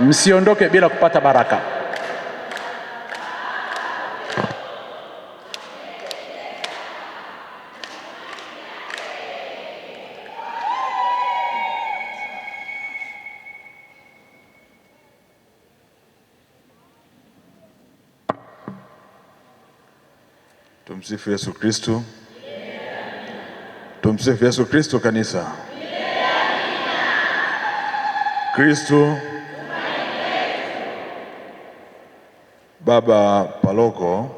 Msiondoke bila kupata baraka. Tumsifu Yesu Kristo. Tumsifu Yesu Kristo kanisa. Kristo Baba Paloko,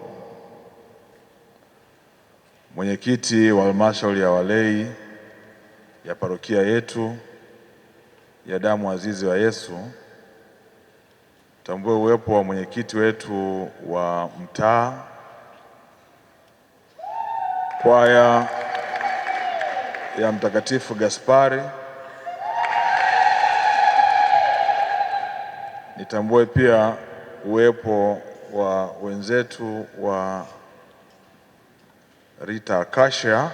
mwenyekiti wa halmashauri ya walei ya parokia yetu ya Damu Azizi wa Yesu, tambue uwepo wa mwenyekiti wetu wa mtaa, kwaya ya Mtakatifu Gaspari. Nitambue pia uwepo wa wenzetu wa Rita kasha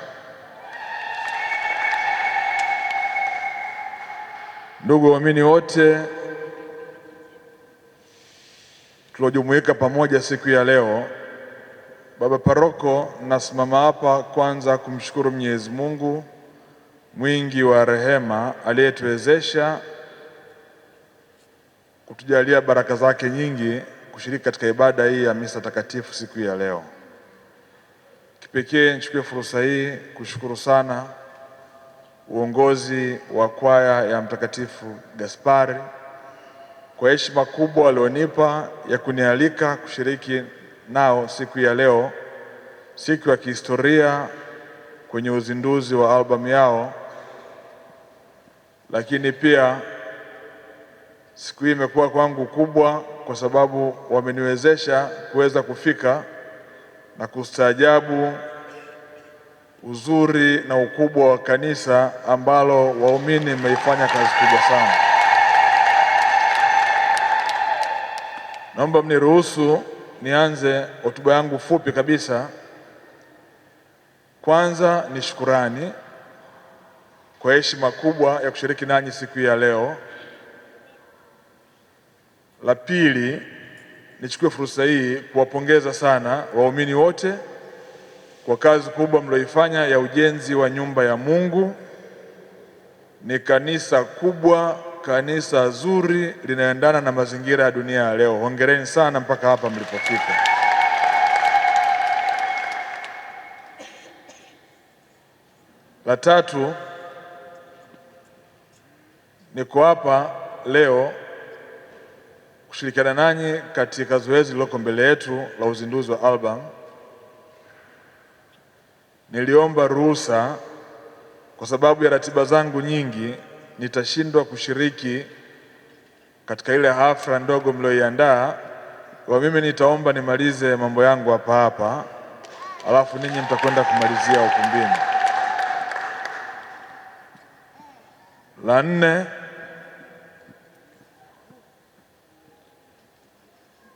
Ndugu waamini wote tuliojumuika pamoja siku ya leo, baba paroko, nasimama hapa kwanza kumshukuru Mwenyezi Mungu mwingi wa rehema aliyetuwezesha kutujalia baraka zake nyingi kushiriki katika ibada hii ya misa takatifu siku ya leo. Kipekee nichukue fursa hii kushukuru sana uongozi wa kwaya ya Mtakatifu Gaspari kwa heshima kubwa walionipa ya kunialika kushiriki nao siku ya leo, siku ya kihistoria kwenye uzinduzi wa albamu yao. Lakini pia siku hii imekuwa kwangu kubwa kwa sababu wameniwezesha kuweza kufika na kustaajabu uzuri na ukubwa wa kanisa ambalo waumini mmeifanya kazi kubwa sana. Naomba mniruhusu nianze hotuba yangu fupi kabisa. Kwanza ni shukurani kwa heshima kubwa ya kushiriki nanyi siku hii ya leo. La pili, nichukue fursa hii kuwapongeza sana waumini wote kwa kazi kubwa mlioifanya ya ujenzi wa nyumba ya Mungu. Ni kanisa kubwa, kanisa zuri, linaendana na mazingira ya dunia ya leo. Hongereni sana mpaka hapa mlipofika. La tatu, niko hapa leo kushirikiana nanyi katika zoezi lililoko mbele yetu la uzinduzi wa albamu. Niliomba ruhusa kwa sababu ya ratiba zangu nyingi, nitashindwa kushiriki katika ile hafla ndogo mlioiandaa. Kwa mimi nitaomba nimalize mambo yangu hapa hapa, alafu ninyi mtakwenda kumalizia ukumbini. La nne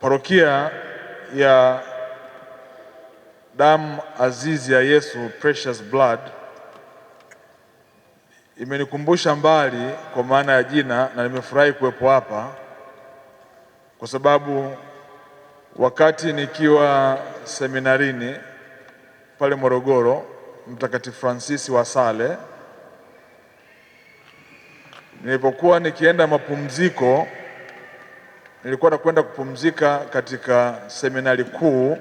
Parokia ya Damu Azizi ya Yesu, Precious Blood, imenikumbusha mbali kwa maana ya jina, na nimefurahi kuwepo hapa kwa sababu wakati nikiwa seminarini pale Morogoro, Mtakatifu Fransisi wa Sale, nilipokuwa nikienda mapumziko nilikuwa nakwenda kupumzika katika seminari kuu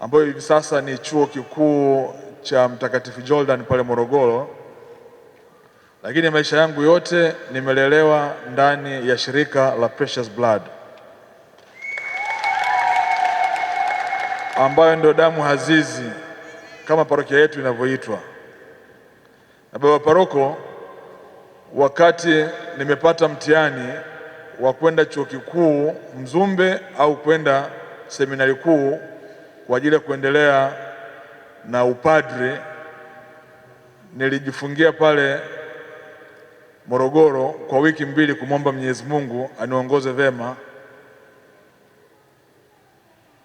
ambayo hivi sasa ni chuo kikuu cha Mtakatifu Jordan pale Morogoro, lakini maisha yangu yote nimelelewa ndani ya shirika la Precious Blood ambayo ndio damu hazizi kama parokia yetu inavyoitwa. Na baba paroko, wakati nimepata mtihani wa kwenda chuo kikuu Mzumbe au kwenda seminari kuu kwa ajili ya kuendelea na upadre. Nilijifungia pale Morogoro kwa wiki mbili kumwomba Mwenyezi Mungu aniongoze vema.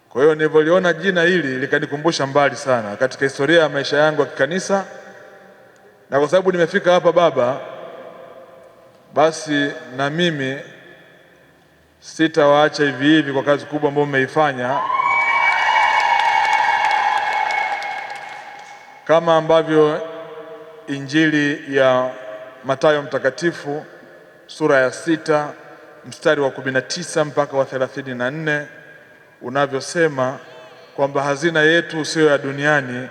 Kwa hiyo nilivyoliona jina hili likanikumbusha mbali sana katika historia ya maisha yangu ya kikanisa, na kwa sababu nimefika hapa Baba, basi na mimi sitawaacha hivi hivi kwa kazi kubwa ambayo mmeifanya, kama ambavyo Injili ya Mathayo Mtakatifu sura ya sita mstari wa kumi na tisa mpaka wa thelathini na nne unavyosema kwamba hazina yetu siyo ya duniani,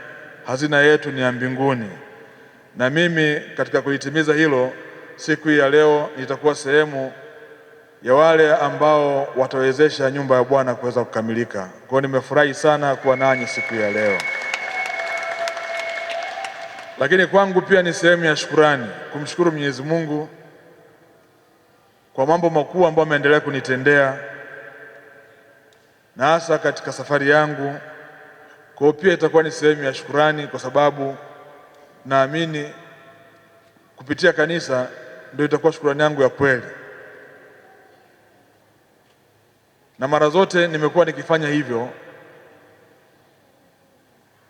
hazina yetu ni ya mbinguni. Na mimi katika kulitimiza hilo, siku hii ya leo nitakuwa sehemu ya wale ambao watawezesha nyumba ya Bwana kuweza kukamilika. Kwa hiyo nimefurahi sana kuwa nanyi siku ya leo. Lakini kwangu pia ni sehemu ya shukurani kumshukuru Mwenyezi Mungu kwa mambo makubwa ambayo ameendelea kunitendea na hasa katika safari yangu. Kwa hiyo pia itakuwa ni sehemu ya shukurani kwa sababu naamini kupitia kanisa ndio itakuwa shukurani yangu ya kweli. na mara zote nimekuwa nikifanya hivyo,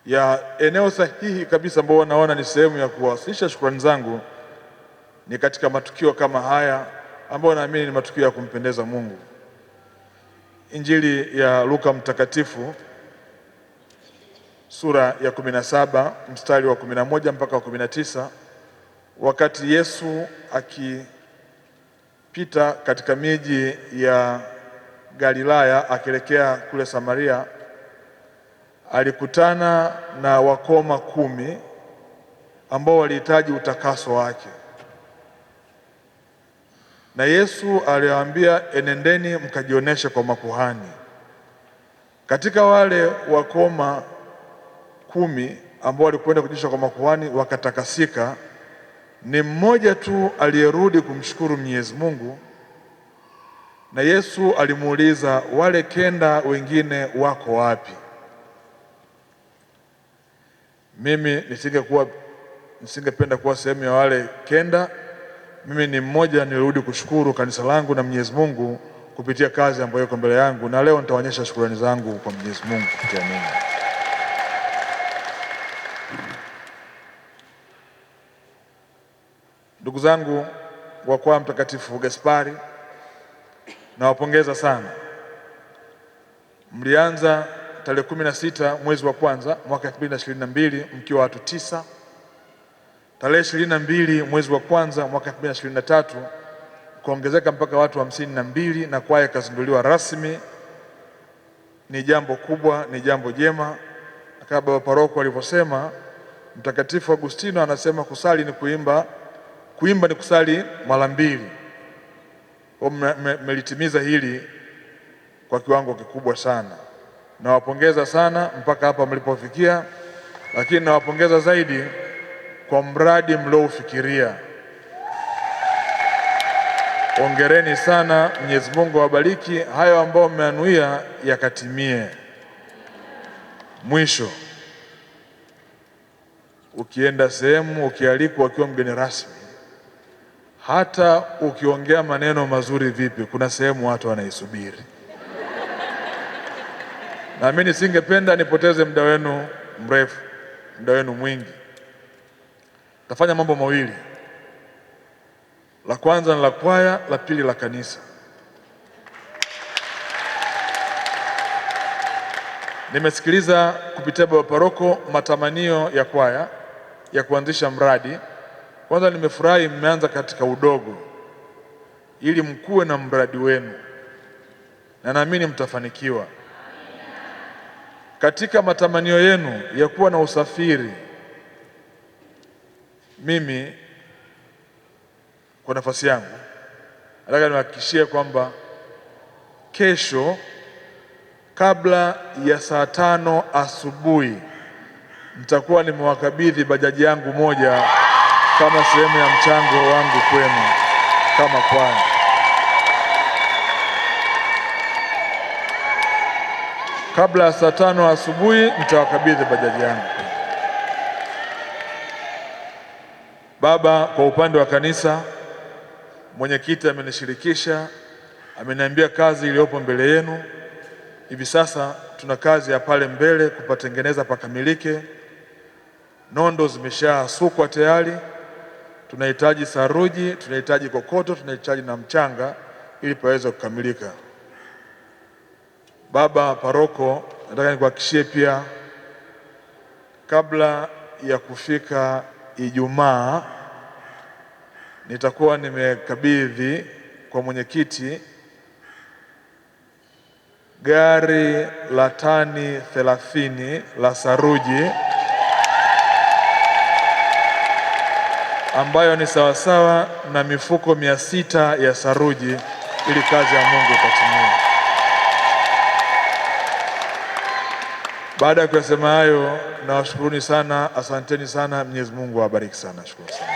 ya eneo sahihi kabisa ambao naona ni sehemu ya kuwasilisha shukrani zangu ni katika matukio kama haya ambayo naamini ni matukio ya kumpendeza Mungu. Injili ya Luka mtakatifu sura ya 17 mstari wa 11 mpaka wa 19, wakati Yesu akipita katika miji ya Galilaya akielekea kule Samaria, alikutana na wakoma kumi ambao walihitaji utakaso wake, na Yesu aliwaambia, enendeni mkajionyeshe kwa makuhani. Katika wale wakoma kumi ambao walikwenda kujionyesha kwa makuhani wakatakasika, ni mmoja tu aliyerudi kumshukuru Mwenyezi Mungu. Na Yesu alimuuliza, wale kenda wengine wako wapi? Mimi nisingekuwa nisingependa kuwa sehemu ya wale kenda. Mimi ni mmoja nilirudi kushukuru kanisa langu na Mwenyezi Mungu kupitia kazi ambayo iko mbele yangu, na leo nitaonyesha shukrani zangu kwa Mwenyezi Mungu kupitia mimi. Ndugu zangu, kwa kuwa Mtakatifu Gaspari Nawapongeza sana, mlianza tarehe kumi na sita mwezi wa kwanza mwaka na mbili mkiwa watu tisa. Tarehe ishirini na mbili mwezi wa kwanza mwaka na tatu kuongezeka mpaka watu hamsini na mbili na kwaya ikazinduliwa rasmi. Ni jambo kubwa, ni jambo jema. Kama baba paroko alivyosema, Mtakatifu Agustino anasema kusali ni kuimba, kuimba ni kusali mara mbili mmelitimiza hili kwa kiwango kikubwa sana. Nawapongeza sana mpaka hapa mlipofikia, lakini nawapongeza zaidi kwa mradi mlioufikiria. ongereni sana, Mwenyezi Mungu awabariki. Hayo ambayo mmeanuia yakatimie. Mwisho, ukienda sehemu ukialikwa, ukiwa mgeni rasmi hata ukiongea maneno mazuri vipi, kuna sehemu watu wanaisubiri. Na mimi nisingependa nipoteze muda wenu mrefu, muda wenu mwingi. Tafanya mambo mawili, la kwanza ni la kwaya, la pili la kanisa. Nimesikiliza kupitia baba paroko matamanio ya kwaya ya kuanzisha mradi kwanza nimefurahi mmeanza katika udogo ili mkuwe na mradi wenu, na naamini mtafanikiwa katika matamanio yenu ya kuwa na usafiri. Mimi kwa nafasi yangu nataka niwahakikishie kwamba kesho kabla ya saa tano asubuhi nitakuwa nimewakabidhi bajaji yangu moja kama sehemu ya mchango wangu kwenu kama kwaya. Kabla ya saa tano asubuhi nitawakabidhi bajaji yangu. Baba, kwa upande wa kanisa, mwenyekiti amenishirikisha, ameniambia kazi iliyopo mbele yenu hivi sasa. Tuna kazi ya pale mbele kupatengeneza pakamilike. Nondo zimeshasukwa tayari tunahitaji saruji, tunahitaji kokoto, tunahitaji na mchanga ili paweze kukamilika. Baba paroko, nataka nikuhakikishie pia kabla ya kufika Ijumaa nitakuwa nimekabidhi kwa mwenyekiti gari la tani thelathini la saruji ambayo ni sawasawa na mifuko mia sita ya saruji ili kazi ya Mungu ikatimie. Baada ya kuyasema hayo, nawashukuruni sana, asanteni sana. Mwenyezi Mungu awabariki sana. Shukuru sana.